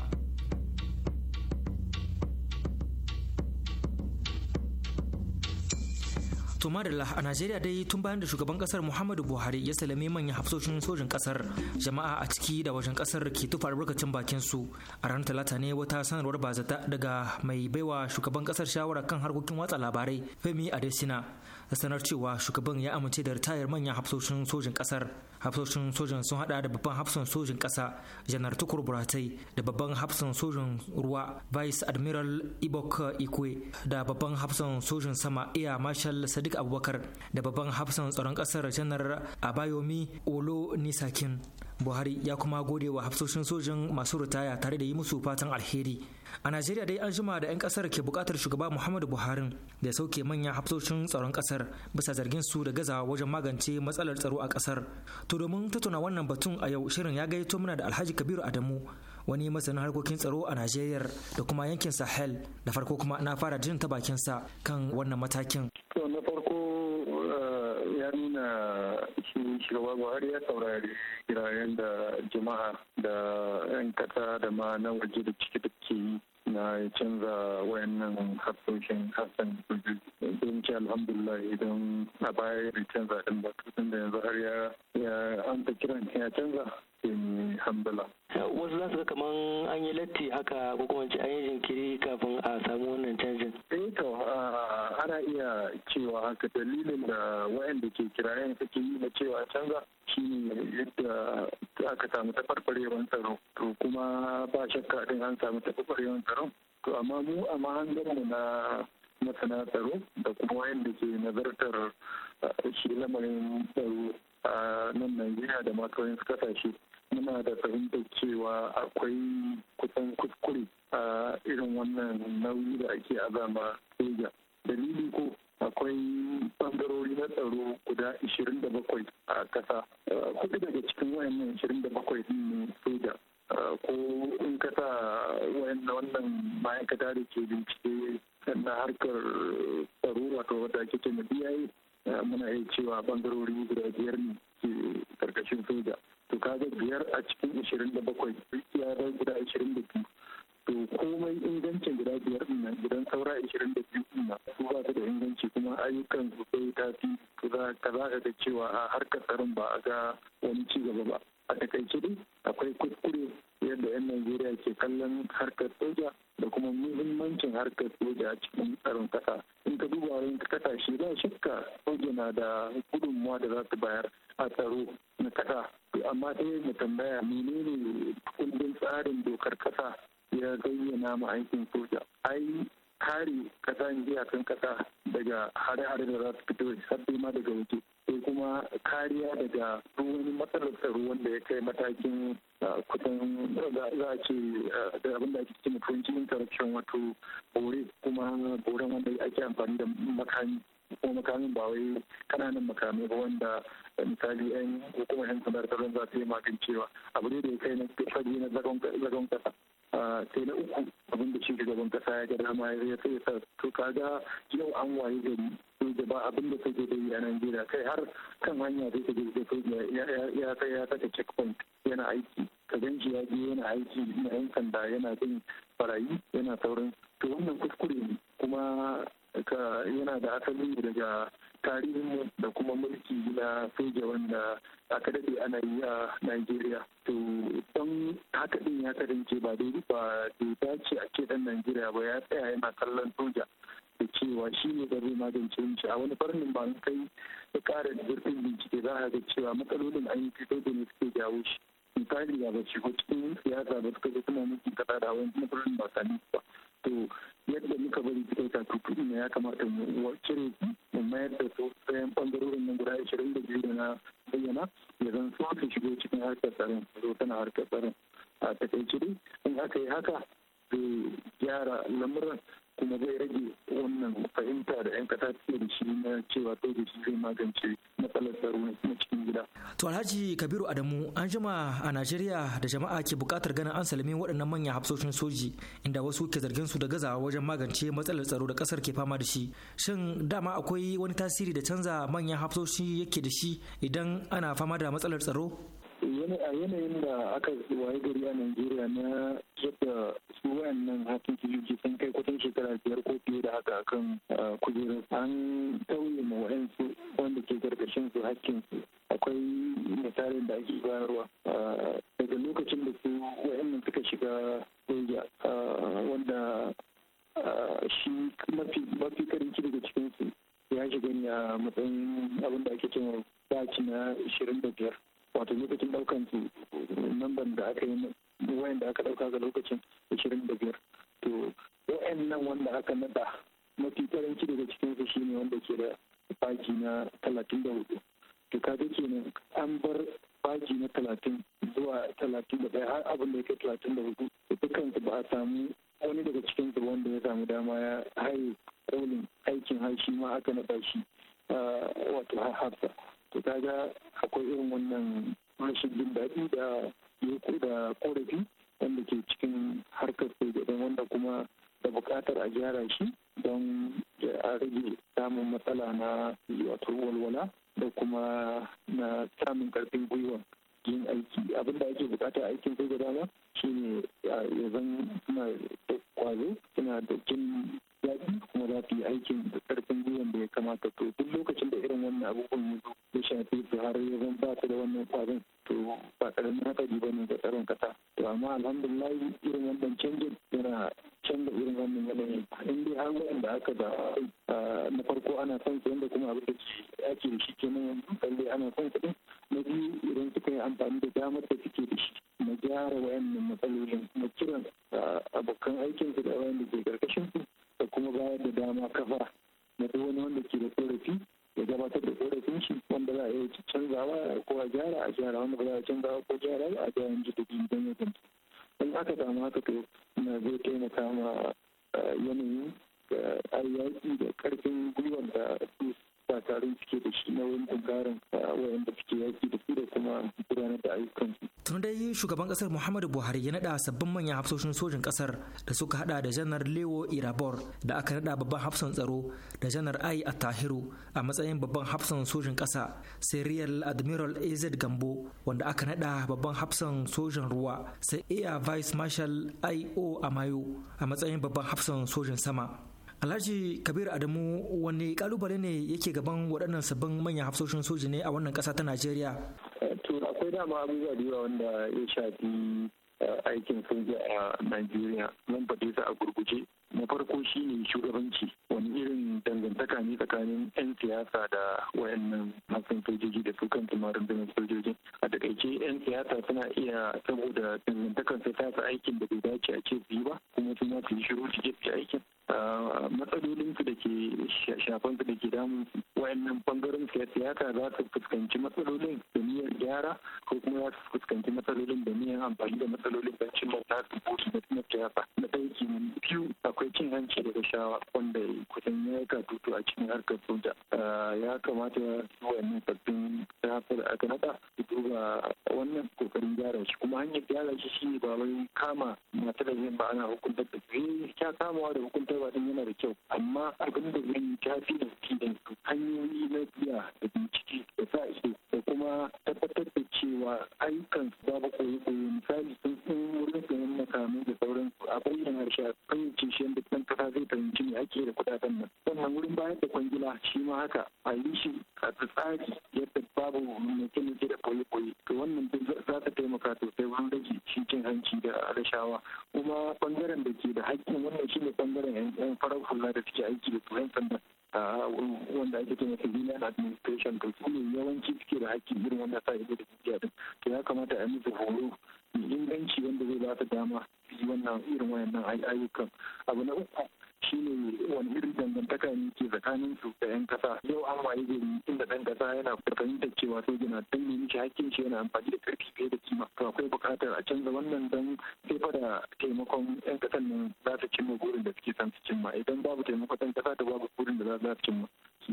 To madalla a Najeriya dai tun bayan da shugaban kasar Muhammadu Buhari ya salame manyan hafsoshin sojin kasar jama'a a ciki da wajen kasar ke tufa albarkacin bakin su a ranar talata ne wata sanarwar bazata daga mai baiwa shugaban kasar shawara kan harkokin watsa labarai Femi Adesina na sanar cewa shugaban ya amince da ritayar manyan hafsoshin sojin kasar hafsoshin sojin sun hada da babban hafsan sojin kasa janar tukur buratai da babban hafsan sojin ruwa vice admiral ibok ikwe da babban hafsan sojin sama iya marshal sadiq abubakar da babban hafsan tsaron kasar janar abayomi olo nisakin buhari ya kuma gode wa hafsoshin sojin masu ritaya tare da yi musu fatan alheri a najeriya dai an jima da 'yan kasar ke bukatar shugaba muhammadu buhari da ya sauke manyan hafsoshin tsaron kasar bisa zargin su da gazawa wajen magance matsalar tsaro a kasar to domin tattauna wannan batun a yau shirin ya gayyato mana da alhaji kabiru adamu wani masanin harkokin tsaro a najeriya da kuma yankin sahel da farko kuma na fara jin ta bakin sa kan wannan matakin magana shi shugaba buhari ya saurari kirayen da jama'a da 'yan kasa da ma na waje da ciki da ke yi na canza wayannan harsoshin hassan don ce alhamdulillah idan a baya bai canza din ba tun da yanzu har ya an ta kiran ya canza yin hambala eh, wasu za su ga kamar an yi latti haka ko kuma ci an yi jinkiri kafin a samu wannan canjin. eh to ana iya cewa haka dalilin da wayanda ke kirayen suke yi na cewa canza shi yadda aka samu tafarfarewar tsaro to kuma ba shakka din an samu tafarfarewar tsaro to amma mu a mahangarmu na masana tsaro da kuma wayanda ke nazartar eh, shi lamarin tsaro a nan Najeriya da ma kasashe muna da fahimtar cewa akwai kusan kuskure a irin wannan nauyi da ake azama soja dalili ko akwai bangarori na tsaro guda 27 a kasa kudu daga cikin wayannan 27 ne soja ko in wayan na wannan ma'aikata da ke bincike na harkar tsaro wato wadda ake ce na biyaye muna iya cewa bangarori guda biyar ne ke karkashin soja to kaga biyar a cikin ishirin da bakwai ya bai guda ishirin da biyu to komai ingancin guda biyar din nan gidan saura ishirin da biyu din nan su ba ta da inganci kuma ayyukan su sai fi to za ka za ga cewa a harkar tsaron ba a ga wani ci gaba ba a takaice dai akwai kuskure yadda 'yan Najeriya ke kallon harkar soja da kuma muhimmancin harkar soja a cikin tsaron kasa ka duba wani shi ba shakka soja na da gudunmuwa da za ta bayar a tsaro na kasa amma ta yi mu tambaya menene kundin tsarin dokar kasa ya zayyana mu aikin soja ai kare kasa in kan kasa daga hare-hare da za su fito sabbi ma daga wuce sai kuma kariya daga wani matsalar tsaro wanda ya kai matakin ah, kusan za a ce ah, da abin da ake cikin yin interruption wato bore kuma bore wanda ake amfani da makami kuma makamin ba wai kananan makamai ba wanda misali yan hukumar yan sanar za su yi magancewa abu ne da ya kai na fari na zagon kasa sai na uku abinda shi gaban kasa ya gada ma ya sai ya to kaga yau an waye gari da ba abin da take da yi a Najeriya kai har kan hanya sai ta da ya sai ya saka checkpoint yana aiki ka gan shi ya je yana aiki na yan sanda yana bin barayi yana sauran to wannan kuskure ne kuma yana da asali daga tarihinmu da kuma mulki na soja wanda aka daɗe ana yi a Najeriya. To don haka ɗin ya kasance ba daidai ba da dace a ce ɗan Najeriya ba ya tsaya yana kallon soja da cewa shi ne da zai magance mishi a wani farnin ba kai da ƙara zurfin bincike za a ga cewa matsalolin an yi fito ne suke jawo shi. Misali ya ba shi ko cikin siyasa ba suka zo kuma mulkin kaɗa da wani kuma ba sami ba. to yadda muka bari ta ta tutu ne ya kamata mu cire mu mayar da su sayan bangarorin nan guda ashirin da biyu na bayyana ya zan so su shigo cikin harkar tsaron zo tana harkar tsaron a takaice dai in aka yi haka zai gyara lamuran kuma zai rage wannan fahimta da 'yan kasa suke da shi na cewa sai da shi zai magance matsalar tsaro na cikin gida. To Alhaji Kabiru Adamu an jima a Najeriya da jama'a ke bukatar ganin an salmi waɗannan manyan hafsoshin soji inda wasu ke zargin su da gazawa wajen magance matsalar tsaro da ƙasar ke fama da shi. Shin dama akwai wani tasiri da canza manyan hafsoshi yake da shi idan ana fama da matsalar tsaro? a yanayin da aka waye gari a Najeriya na yadda su wayannan hakin sojoji sun kai kudin shekara biyar ko fiye da haka akan kujeru. an tauye ma wayansu wanda ke karkashin su hakkin akwai misalin da ake bayarwa daga lokacin da su wayannan suka shiga soja wanda shi mafi karinci daga cikinsu ya shiga ne a matsayin abin da ake cewa baci na 25 wato lokacin daukan su namban da aka yi wayan da aka dauka ga lokacin 25 da biyar to wayan nan wanda aka nada mafi karanci daga cikin su shine wanda ke da baki na talatin da hudu to kaga kenan an bar baki na talatin zuwa talatin da ɗaya har abin da ya kai talatin da hudu dukkan su ba a samu wani daga cikin su wanda ya samu dama ya haye kolin aikin har shi ma aka naɗa shi ah, wato har hafsa to kaga akwai irin wannan rashin jin daɗi da yoko da korafi wanda ke cikin harkar gaban wanda kuma da buƙatar a gyara shi don a rage samun matsala na wato walwala da kuma na samun ƙarfin gwiwa yin aiki abin da ake bukata aikin kai dama shine ya zan suna da kwazo suna da jin daɗi kuma za ta yi aikin da ƙarfin gwiwan da ya kamata to duk lokacin da irin wannan abubuwan ya zo ya shafi su har ya zan ba su da wannan ƙwazon to ba ƙaramin hatsari ba ne ga tsaron ƙasa to amma alhamdulillah irin wannan canjin yana canza irin wannan yanayi in dai har wanda aka da na farko ana son su yadda kuma abin da ake da shi kenan yanzu kalle ana son ɗin na biyu idan suka yi amfani da damar da suke da shi na gyara wayannan matsalolin na kiran abokan aikinsu da wayanda ke karkashin su da kuma bayar da dama kafa na duk wani wanda ke da korafi ya gabatar da korafin shi wanda za a iya canzawa ko a gyara a gyara wanda ba za a canzawa ko gyara a gyara in ji da jini don yadda in aka samu haka to na zai taimaka ma eh, yanayin ayyaki da karfin gwiwar da su ba tarin suke da shi nauyin tunkarin ah, da suke yaki da su da kuma gudanar da ayyukan su. tun dai shugaban kasar muhammadu buhari ya nada sabbin manyan hafsoshin sojin kasar da suka hada da janar leo irabor da aka nada babban hafsan tsaro da janar ai tahiru a matsayin babban hafsan sojin kasa sai real admiral az gambo wanda aka nada babban hafsan sojin ruwa sai air vice marshal io amayo a matsayin babban hafsan sojin sama Alhaji Kabir Adamu wani kalubale ne yake gaban waɗannan sabbin manyan hafsoshin soji ne a wannan ƙasa ta Najeriya? Eh, to akwai dama abubuwa da yawa wanda ya shafi eh, aikin soja a Najeriya mun faɗi su a gurguje na farko shine shugabanci wani irin dangantaka ne tsakanin 'yan siyasa da wayannan masan sojoji da su kan tumarin rundunar sojoji a takaice 'yan siyasa suna iya saboda dangantakar sai tasa aikin da bai dace a ce su yi ba kuma suna su yi shiru su je aikin matsalolin su da ke shafan su da ke damun wayannan bangaren siyasa za su fuskanci matsalolin da niyyar gyara ko kuma za su fuskanci matsalolin da niyyar amfani da matsalolin don ta su butu da siyasa aiki biyu akwai cin hanci daga shawa wanda kusan ya katutu a cikin harkar soja ah, ya kamata wannan sabbin rafar a kanada su duba wannan kokarin gyara shi kuma hanyar gyara shi shi ba wai kama masu da ba ana hukuntar da su ya eh, kamawa da hukuntar ba yana da kyau amma abin da zai yi tafi da su da hanyoyi na biya da bincike da sa ido da kuma tabbatar da cewa ayyukan babu koyi koyi misali sun a da harshe a fahimci shi yadda ɗan ƙasa zai fahimci me ake da kuɗaɗen nan sannan wurin bayan da kwangila shi ma haka a yi shi a tsari yadda babu mace ke da koyi-koyi to wannan duk za ta taimaka sosai wurin rage shi cin hanci da rashawa kuma ɓangaren da ke da haƙƙin wannan shi ne ɓangaren 'yan farar kula da suke aiki da su sanda. a wanda ake cewa civilian administration to su ne yawanci suke da haƙƙin irin wanda sa ido da dukiya to ya kamata a yi musu horo mai inganci wanda zai ba su dama wannan irin wayannan ayyukan abu na uku shine wani irin dangantaka ne ke tsakanin su da yan kasa yau an waye gari inda dan kasa yana fahimtar cewa soja na dan ne mishi hakkin shi yana amfani da karfi fiye da kima to akwai buƙatar a canza wannan dan sai fa da taimakon yan kasan nan za su cimma burin da suke son su cimma idan babu taimakon yan kasa da babu burin da za su cimma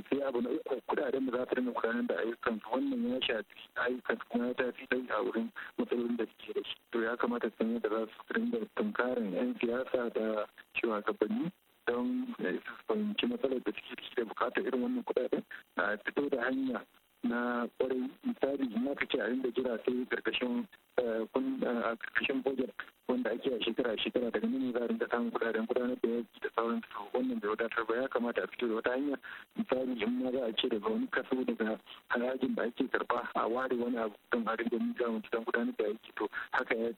sai abu na uku kudaden da za su dinga gudanar da ayyukan wannan ya shafi ayyukan kuma ya tafi dai a wurin matsalolin da suke da shi to ya kamata sun yi da za su rinda tunkarin 'yan siyasa da shugabanni don su fahimci matsalar da suke da bukatar irin wannan kudaden a fito da hanya na kwarai misali na ka ce a da jira sai karkashin eh, a karkashin budget wanda ake a shekara shekara daga nan za a rinda samun kudaden gudanar da ji da sauran su wannan bai wadatar ba ya kamata a fito da wata hanya kaso daga harajin da ake karba a ware wani abu don a ringa miƙa don gudanar da aiki to haka ya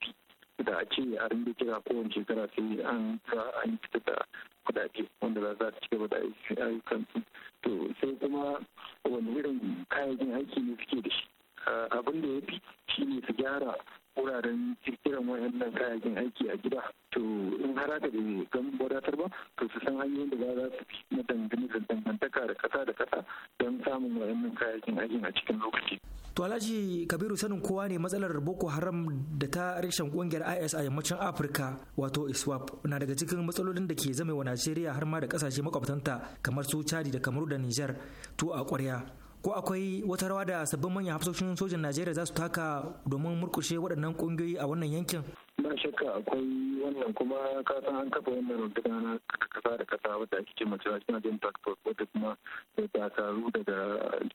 fi da a ce a rinda kira kowane shekara sai an a yi fitar da kudade wanda za su ci gaba da ayyukan su to sai kuma wani irin kayayyakin aiki ne suke da shi ah, abin da ya fi shi ne su gyara wuraren kirkiran wayannan kayayyakin aiki a gida to in har aka da gan wadatar ba to su san hanyoyin da ba za su fi na dangantaka da kasa da kasa don samun wayannan kayayyakin aiki a cikin lokaci to alhaji kabiru sanin kowa ne matsalar boko haram da ta rikshen kungiyar is a yammacin afirka wato iswap na daga cikin matsalolin da ke zamewa najeriya har ma da kasashe makwabtanta kamar su chadi da kamaru da niger to a kwarya ko akwai wata rawa da sabbin manyan hafsoshin sojan najeriya za su taka domin murkushe waɗannan ƙungiyoyi a wannan yankin ba shakka akwai wannan kuma kasan an kafa wannan rundunar na kasa da kasa wadda ake ce mace national na task force wadda kuma da dakaru daga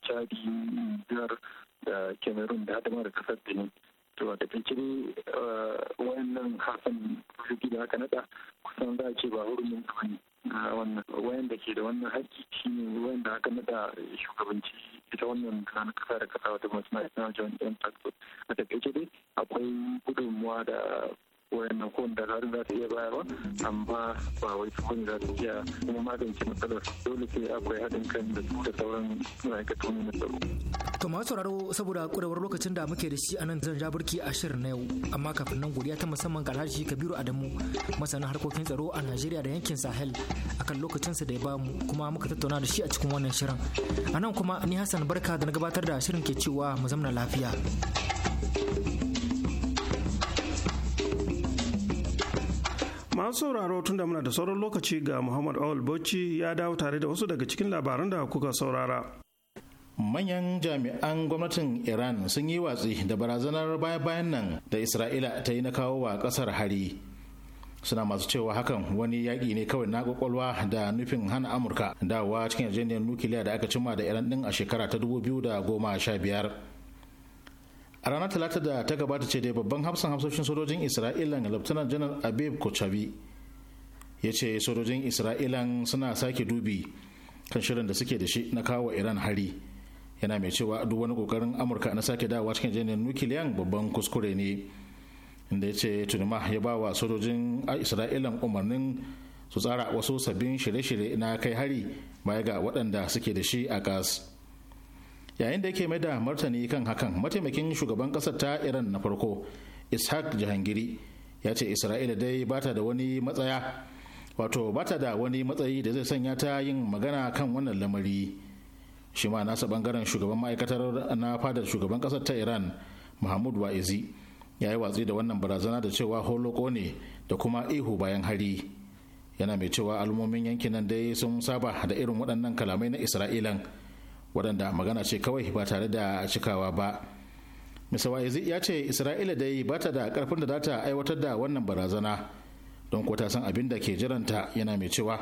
chadi niger da cameroon da hadama da kasar benin to a tafi eh, wannan hafin jirgi da aka nada kusan za a ce ba hurumin ne wannan da ke da wannan haƙƙi shi ne da aka nada shugabanci ita wannan kan kasa da kasa wata masu na ita wajen yan takto a takaice dai akwai gudunmuwa da wayannan ko da har za su iya bayarwa amma ba wai su kun da iya kuma magance matsalar dole sai akwai haɗin kan da su da sauran ma'aikatu na tsaro. to masu sauraro saboda kurewar lokacin da muke da shi a nan zan ja birki a shirin na yau amma kafin nan godiya ta musamman ga alhaji kabiru adamu masanin harkokin tsaro a najeriya da yankin sahel akan lokacinsa da ya bamu kuma muka tattauna da shi a cikin wannan shirin a nan kuma ni hassan barka da na gabatar da shirin ke cewa mu zamna lafiya. masu sauraro tun da muna da sauran lokaci ga muhammad awal bauchi ya dawo tare da wasu daga cikin labaran da kuka saurara manyan jami'an gwamnatin iran sun yi watsi da barazanar baya-bayan nan da isra'ila ta yi na kawo wa kasar hari suna masu cewa hakan wani yaƙi ne kawai na kwakwalwa da nufin hana amurka dawowa cikin yarjejeniyar nukiliya da aka cimma da iran din a shekara ta da goma sha biyar. a ranar talata da ta gabata ce da babban hafsan hafsoshin sojojin isra'ilan na janar abib kochabi ya ce sojojin isra'ilan suna sake dubi kan shirin da suke da shi na kawo iran hari yana mai cewa duk wani kokarin amurka na sake dawowa cikin janar nukiliyan babban kuskure ne inda ya ce tunuma ya ba wa sojojin isra'ilan umarnin su tsara wasu sabbin shirye-shirye na kai hari baya ga waɗanda suke da shi a gas. yayin da yake mai da martani kan hakan mataimakin shugaban kasar ta iran na farko ishaq jahangiri ya ce isra'ila dai ba ta da wani matsaya wato ba ta da wani matsayi da zai sanya ta yin magana kan wannan lamari shi ma nasa bangaren shugaban ma'aikatar na fadar shugaban kasar ta iran mahmud wa'izi ya yi watsi da wannan barazana da cewa holoko ne da kuma ihu bayan hari yana mai cewa al'ummomin yankin nan dai sun saba da irin waɗannan kalamai na isra'ilan waɗanda magana ce kawai ba tare da cikawa ba mr wa'izi ya ce isra'ila dai ba ta da ƙarfin da za ta aiwatar da wannan barazana don ko ta san abin da ke jiranta yana mai cewa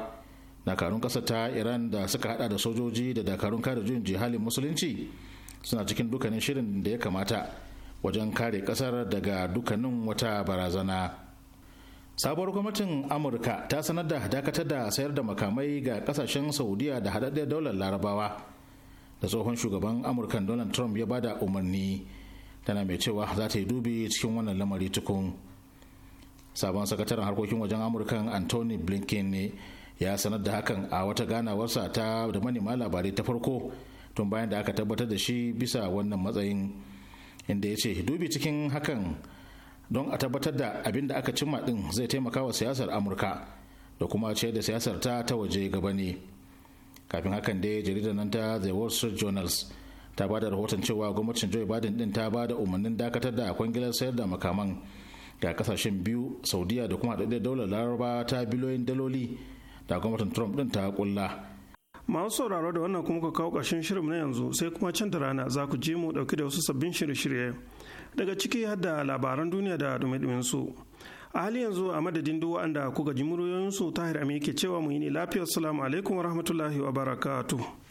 dakarun ƙasar ta iran da suka hada da sojoji da dakarun kare juyin jihalin musulunci suna cikin dukkanin shirin da ya kamata wajen kare ƙasar daga dukkanin wata barazana sabuwar gwamnatin amurka ta sanar da dakatar da sayar da makamai ga kasashen saudiya da haɗaɗɗiyar daular larabawa da tsohon shugaban amurka donald trump ya bada umarni tana mai cewa za ta yi dubi cikin wannan lamari tukun sabon sakataren harkokin wajen amurkan anthony blinken ne ya sanar da hakan a wata ganawarsa ta da manema labarai ta farko tun bayan da aka tabbatar da shi bisa wannan matsayin inda ya ce dubi cikin hakan don a tabbatar da abin da aka cimma din zai taimaka wa siyasar amurka da kuma ce da siyasar ta ta waje gaba ne kafin hakan dai jaridar nan ta the wall street journals ta ba da rahoton cewa gwamnatin joe biden din ta ba da umarnin dakatar da kwangilar sayar da makaman ga kasashen biyu saudiya da kuma haɗaɗɗen daular laraba ta biliyoyin daloli da gwamnatin trump din ta kulla masu sauraro da wannan kuma ka kawo ƙarshen shirin na yanzu sai kuma can da rana za ku je mu ɗauki da wasu sabbin shirye-shirye daga ciki har labaran duniya da dumi su. a hali yanzu a madadin duk ku kuka ji su tahir amin ke cewa mu yi ne lafiya. salamu alaikum wa rahmatullahi wa barakatuh